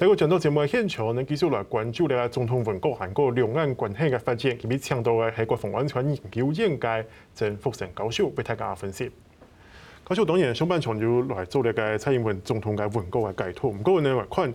透過眾多節目的現場呢，恁繼續來關注了總統文告、韓國兩岸關係嘅發展，及比強大嘅係國防安全研究院嘅曾復生教授，為大家分析。教授當然上半場就來做了個蔡英文總統嘅文告嘅解讀，唔過呢，還看。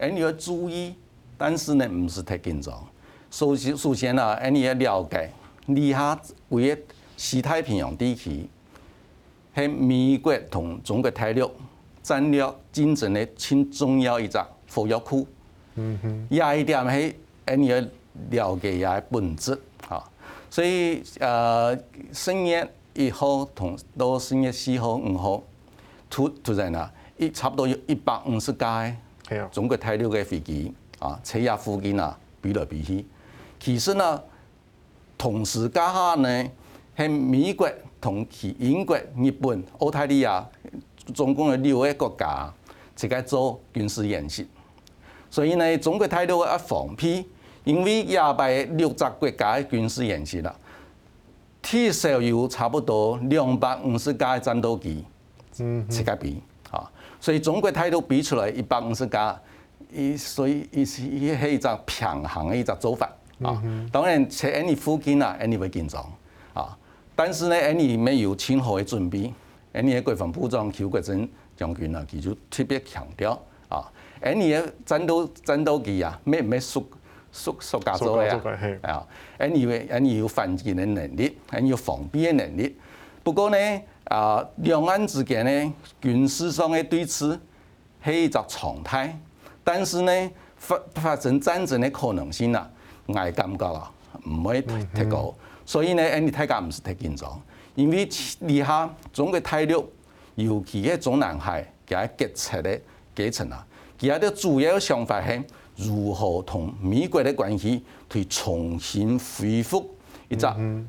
誒你要注意，但是呢唔是太緊張。首先，啊，首先啦，誒你要了解，呢個位於西太平洋地區，係美國同中國大陸戰略競爭嘅重要一個火藥庫。嗯嗯。壓一啲咪係，誒你要了解下本質。啊。所以呃，十月一號同到十月四號、五號出就在啊，一差不多有一百五十架，中國大陸的飛機啊，起日附近啊比嚟比去，其實呢同時加下呢，喺美國同其英國、日本、澳大利亞總共係六個國家，即間做軍事演習。所以呢中國大陸啊，防備，因為亞伯六,六十個國家嘅軍事演習啦，最少要差不多兩百五十架戰鬥機，即即一個比。嗯嗯所以中國態度比出來，一百五十架，伊所以伊是依係一個平衡嘅一個做法啊。當然，喺 NVP 附近啦，NVP 緊張啊。但是呢，NVP 沒有清楚嘅準備，NVP 嘅國防部長邱國正將軍啦，佢就特別強調啊。NVP 嘅戰鬥戰鬥，戰鬥機啊，咩咩速速速加速嘅啊，NVP NVP 有反擊嘅能力，NVP 有防備嘅能力。不過呢，啊、呃、兩岸之間呢軍事上的對峙係一個常態。但是呢發發生戰爭的可能性啊，我係感覺啊，唔會太太高、嗯，所以呢 a n d 太監唔是太緊張，因為你哈中國大陸，尤其係中南海嘅決策嘅階層啊，佢嘅主要想法係如何同美國嘅關係去重新恢復，一隻。嗯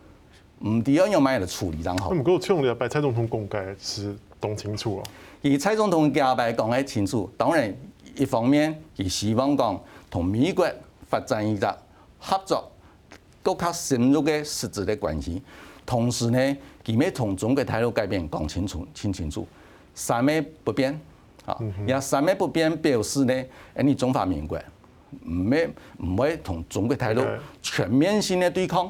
嗯，唔知要用咩嚟處理，然後。嗯，不過我聽你蔡總統講解是講清楚咯。伊蔡總統家白講勒清楚，當然一方面，伊希望講同美國發展一個合作，更加深入嘅實質的關係。同時呢，伊要同中國大陸改變講清楚，清清楚。三個不變，啊，也三個不變，表示呢，哎，你中華民國唔會唔會同中國大陸全面性的對抗。